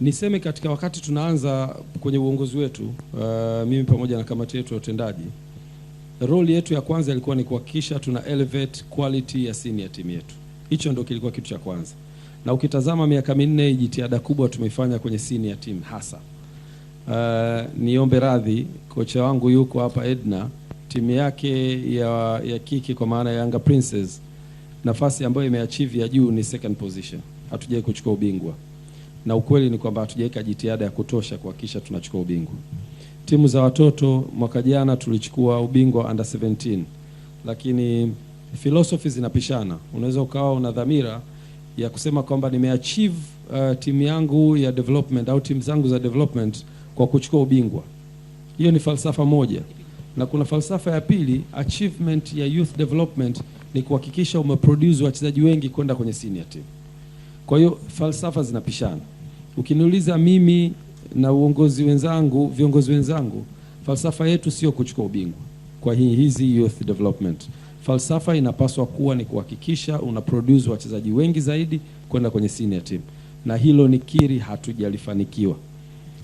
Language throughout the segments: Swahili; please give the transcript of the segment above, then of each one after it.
Niseme katika wakati tunaanza kwenye uongozi wetu, uh, mimi pamoja na kamati yetu ya utendaji, roli yetu ya kwanza ilikuwa ni kuhakikisha tuna elevate quality ya senior team yetu. Hicho ndio kilikuwa kitu cha kwanza, na ukitazama miaka minne, jitihada kubwa tumeifanya kwenye senior team hasa. Uh, niombe radhi, kocha wangu yuko hapa Edna, timu yake ya, ya kiki kwa maana ya Yanga Princess, nafasi ambayo imeachieve ya juu ni second position, hatujai kuchukua ubingwa na ukweli ni kwamba hatujaweka jitihada ya kutosha kuhakikisha tunachukua ubingwa. Timu za watoto mwaka jana tulichukua ubingwa under 17, lakini philosophy zinapishana. Unaweza ukawa una dhamira ya kusema kwamba nimeachieve uh, timu yangu ya development au timu zangu za development kwa kuchukua ubingwa. Hiyo ni falsafa moja, na kuna falsafa ya pili, achievement ya youth development ni kuhakikisha umeproduce wachezaji wengi kwenda kwenye senior team. Kwa hiyo falsafa zinapishana. Ukiniuliza mimi na uongozi wenzangu, viongozi wenzangu, falsafa yetu sio kuchukua ubingwa kwa hii hizi youth development. Falsafa inapaswa kuwa ni kuhakikisha una produce wachezaji wengi zaidi kwenda kwenye senior team, na hilo ni kiri hatujalifanikiwa.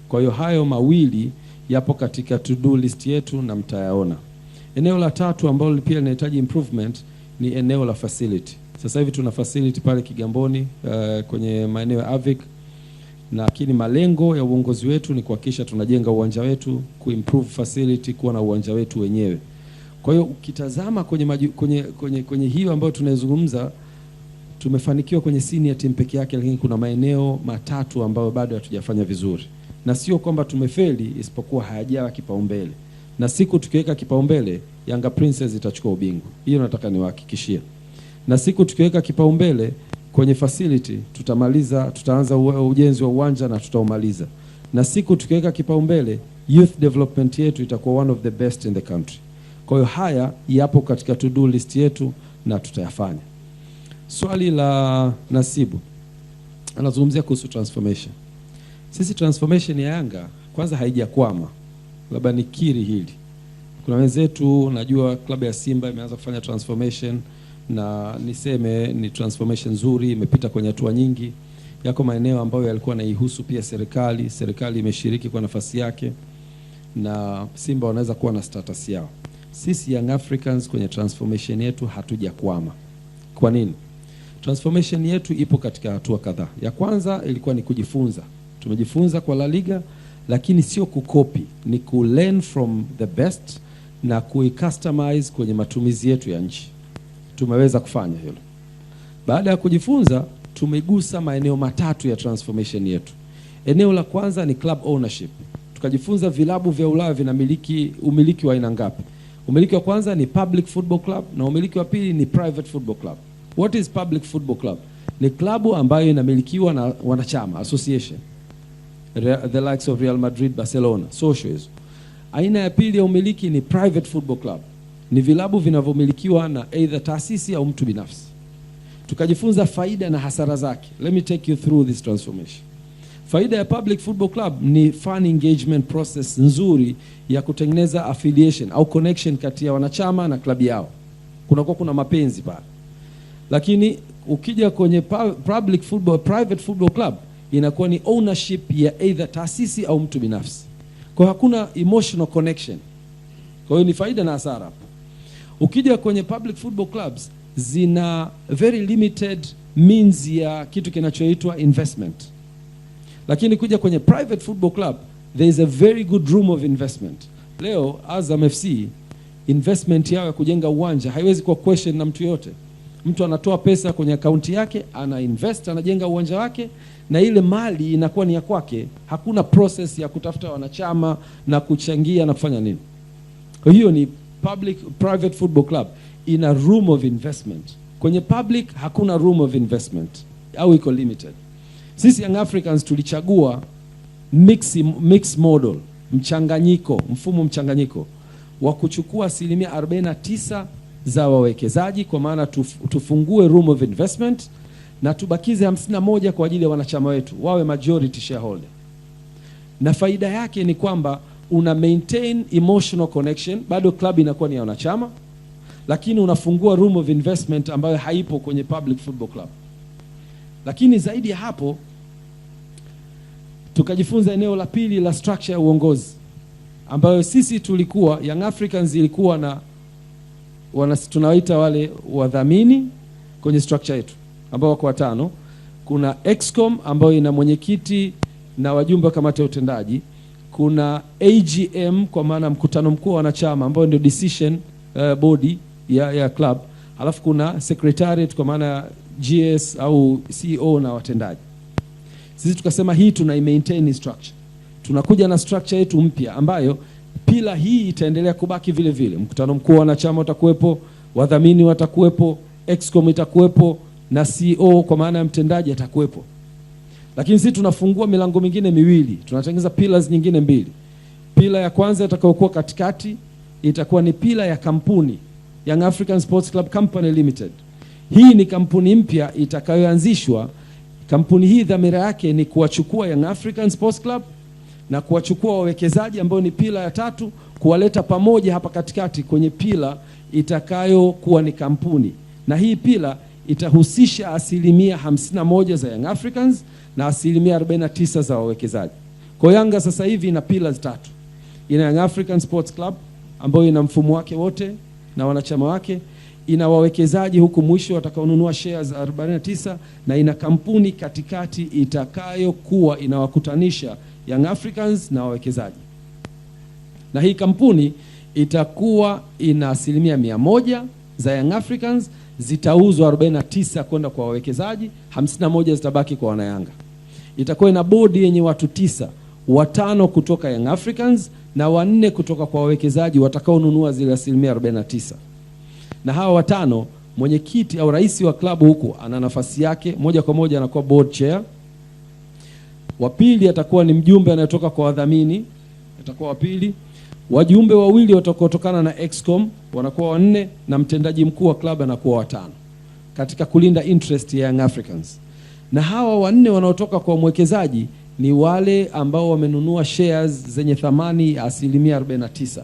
Kwa hiyo hayo mawili yapo katika to do list yetu na mtayaona. Eneo la tatu ambalo pia linahitaji improvement ni eneo la facility. Sasa hivi tuna facility pale Kigamboni, uh, kwenye maeneo ya Avic lakini malengo ya uongozi wetu ni kuhakikisha tunajenga uwanja wetu, kuimprove facility, kuwa na uwanja wetu wenyewe. Kwa hiyo ukitazama kwenye, maju, kwenye, kwenye, kwenye hiyo ambayo tunaizungumza tumefanikiwa kwenye senior team peke yake, lakini kuna maeneo matatu ambayo bado hatujafanya vizuri, na sio kwamba tumefeli, isipokuwa hayajawa kipaumbele, na siku tukiweka kipaumbele Yanga Princess itachukua ubingwa. Hiyo nataka niwahakikishie, na siku tukiweka kipaumbele kwenye facility tutamaliza, tutaanza ujenzi wa uwanja na tutaumaliza, na siku tukiweka kipaumbele youth development yetu itakuwa one of the best in the country. Kwa hiyo haya yapo katika to do list yetu na tutayafanya. Swali la Nasibu anazungumzia kuhusu transformation. Sisi transformation ya Yanga kwanza haijakwama, labda nikiri hili. Kuna wenzetu, najua klabu ya Simba imeanza kufanya transformation na niseme ni transformation nzuri, imepita kwenye hatua nyingi. Yako maeneo ambayo yalikuwa naihusu pia serikali, serikali imeshiriki kwa nafasi yake, na Simba wanaweza kuwa na status yao. Sisi Young Africans kwenye transformation yetu hatujakwama. Kwa nini? Transformation yetu ipo katika hatua kadhaa. Ya kwanza ilikuwa ni kujifunza, tumejifunza kwa La Liga, lakini sio kukopi, ni ku learn from the best na kuicustomize kwenye matumizi yetu ya nchi tumeweza kufanya hilo. Baada ya kujifunza, tumegusa maeneo matatu ya transformation yetu. Eneo la kwanza ni club ownership, tukajifunza vilabu vya Ulaya vinamiliki umiliki wa aina ngapi. Umiliki wa kwanza ni public football club na umiliki wa pili ni private football club. What is public football club? Ni klabu ambayo inamilikiwa na wanachama association, the likes of Real Madrid, Barcelona, socios. Aina ya pili ya umiliki ni private football club ni vilabu vinavyomilikiwa na either taasisi au mtu binafsi, tukajifunza faida na hasara zake. Let me take you through this transformation. Faida ya public football club ni fan engagement process nzuri ya kutengeneza affiliation au connection kati ya wanachama na klabu yao, kunakuwa kuna mapenzi pale. Lakini ukija kwenye public football, private football club inakuwa ni ownership ya either taasisi au mtu binafsi, kwa hakuna emotional connection. Kwa hiyo ni faida na hasara hapo. Ukija kwenye public football clubs zina very limited means ya kitu kinachoitwa investment, lakini kuja kwenye private football club there is a very good room of investment. Leo Azam FC investment yao ya kujenga uwanja haiwezi kuwa question na mtu yoyote. Mtu anatoa pesa kwenye akaunti yake, ana invest, anajenga uwanja wake, na ile mali inakuwa ni ya kwake. Hakuna process ya kutafuta wanachama na kuchangia na kufanya nini. Hiyo ni public private football club ina room of investment. Kwenye public hakuna room of investment au iko limited. Sisi Young Africans tulichagua mix, mix model, mchanganyiko, mfumo mchanganyiko wa kuchukua asilimia 49 za wawekezaji, kwa maana tufungue room of investment na tubakize 51 kwa ajili ya wanachama wetu wawe majority shareholder, na faida yake ni kwamba una maintain emotional connection, bado club inakuwa ni ya wanachama, lakini unafungua room of investment ambayo haipo kwenye public football club. Lakini zaidi ya hapo tukajifunza eneo la pili la structure ya uongozi ambayo sisi tulikuwa Young Africans ilikuwa na wana, tunawaita wale wadhamini kwenye structure yetu ambao wako watano. Kuna excom ambayo ina mwenyekiti na wajumbe wa kamati ya utendaji kuna AGM kwa maana mkutano mkuu wa wanachama ambao ndio decision uh, eh, body ya, ya club, alafu kuna secretariat kwa maana GS au CEO na watendaji. Sisi tukasema hii tuna maintain structure, tunakuja na structure yetu mpya ambayo pila hii itaendelea kubaki vile vile. Mkutano mkuu wa wanachama utakuwepo, wadhamini watakuwepo, excom itakuwepo na CEO kwa maana ya mtendaji atakuwepo. Lakini sisi tunafungua milango mingine miwili, tunatengeneza pillars nyingine mbili. Pila ya kwanza itakayokuwa katikati itakuwa ni pila ya kampuni Young African Sports Club Company Limited. Hii ni kampuni mpya itakayoanzishwa. Kampuni hii dhamira yake ni kuwachukua Young African Sports Club na kuwachukua wawekezaji ambao ni pila ya tatu, kuwaleta pamoja hapa katikati kwenye pila itakayokuwa ni kampuni, na hii pila itahusisha asilimia moja za Young Africans na asilimia 49 za wawekezaji. Kwa Yanga sasa hivi ina pillars tatu. Ina Young African Sports Club ambayo ina mfumo wake wote na wanachama wake, ina wawekezaji huku mwisho watakaonunua shares 49 na ina kampuni katikati itakayokuwa inawakutanisha Young Africans na wawekezaji. Na hii kampuni itakuwa ina asilimia mia moja za Young Africans, zitauzwa 49 kwenda kwa wawekezaji, 51 zitabaki kwa wanayanga itakuwa ina bodi yenye watu tisa, watano kutoka Young Africans na wanne kutoka kwa wawekezaji watakaonunua zile asilimia 49. Na hawa watano, mwenyekiti au rais wa klabu huku ana nafasi yake moja kwa moja, anakuwa board chair. Wa pili atakuwa ni mjumbe anayetoka kwa wadhamini, atakuwa wa pili. Wajumbe wawili watakaotokana na Excom wanakuwa wanne, na mtendaji mkuu wa klabu anakuwa watano, katika kulinda interest ya Young Africans na hawa wanne wanaotoka kwa mwekezaji ni wale ambao wamenunua shares zenye thamani asilimia 49.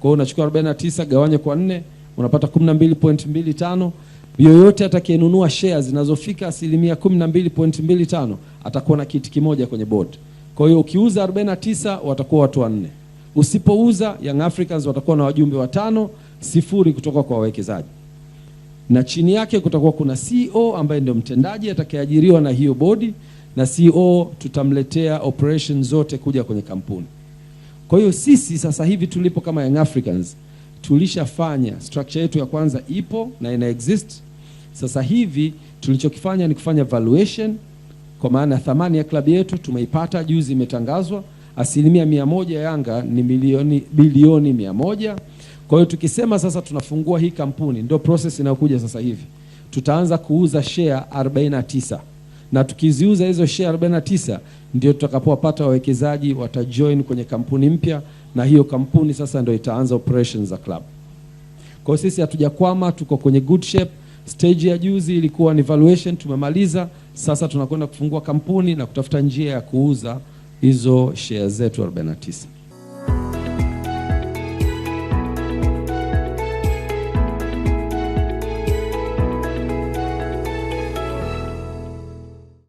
Kwa hiyo unachukua 49 gawanya kwa nne unapata 12.25. Yoyote atakayenunua shares zinazofika asilimia 12.25 atakuwa na kiti kimoja kwenye board. Kwa hiyo ukiuza 49 watakuwa watu wanne, usipouza Young Africans watakuwa na wajumbe watano, sifuri kutoka kwa wawekezaji na chini yake kutakuwa kuna CEO ambaye ndio mtendaji atakayeajiriwa na hiyo bodi, na CEO tutamletea operation zote kuja kwenye kampuni. Kwa hiyo sisi sasa hivi tulipo kama Young Africans tulishafanya structure yetu ya kwanza ipo na ina exist. Sasa hivi tulichokifanya ni kufanya valuation, kwa maana thamani ya klabu yetu tumeipata, juzi imetangazwa asilimia mia moja Yanga ni milioni bilioni mia moja. Kwa hiyo tukisema sasa tunafungua hii kampuni, ndio process inayokuja sasa hivi, tutaanza kuuza share 49 na tukiziuza hizo share 49 ndio tutakapowapata wawekezaji watajoin kwenye kampuni mpya, na hiyo kampuni sasa ndio itaanza operations za club. Kwa sisi hatujakwama, tuko kwenye good shape. Stage ya juzi ilikuwa ni valuation, tumemaliza. Sasa tunakwenda kufungua kampuni na kutafuta njia ya kuuza hizo share zetu 49.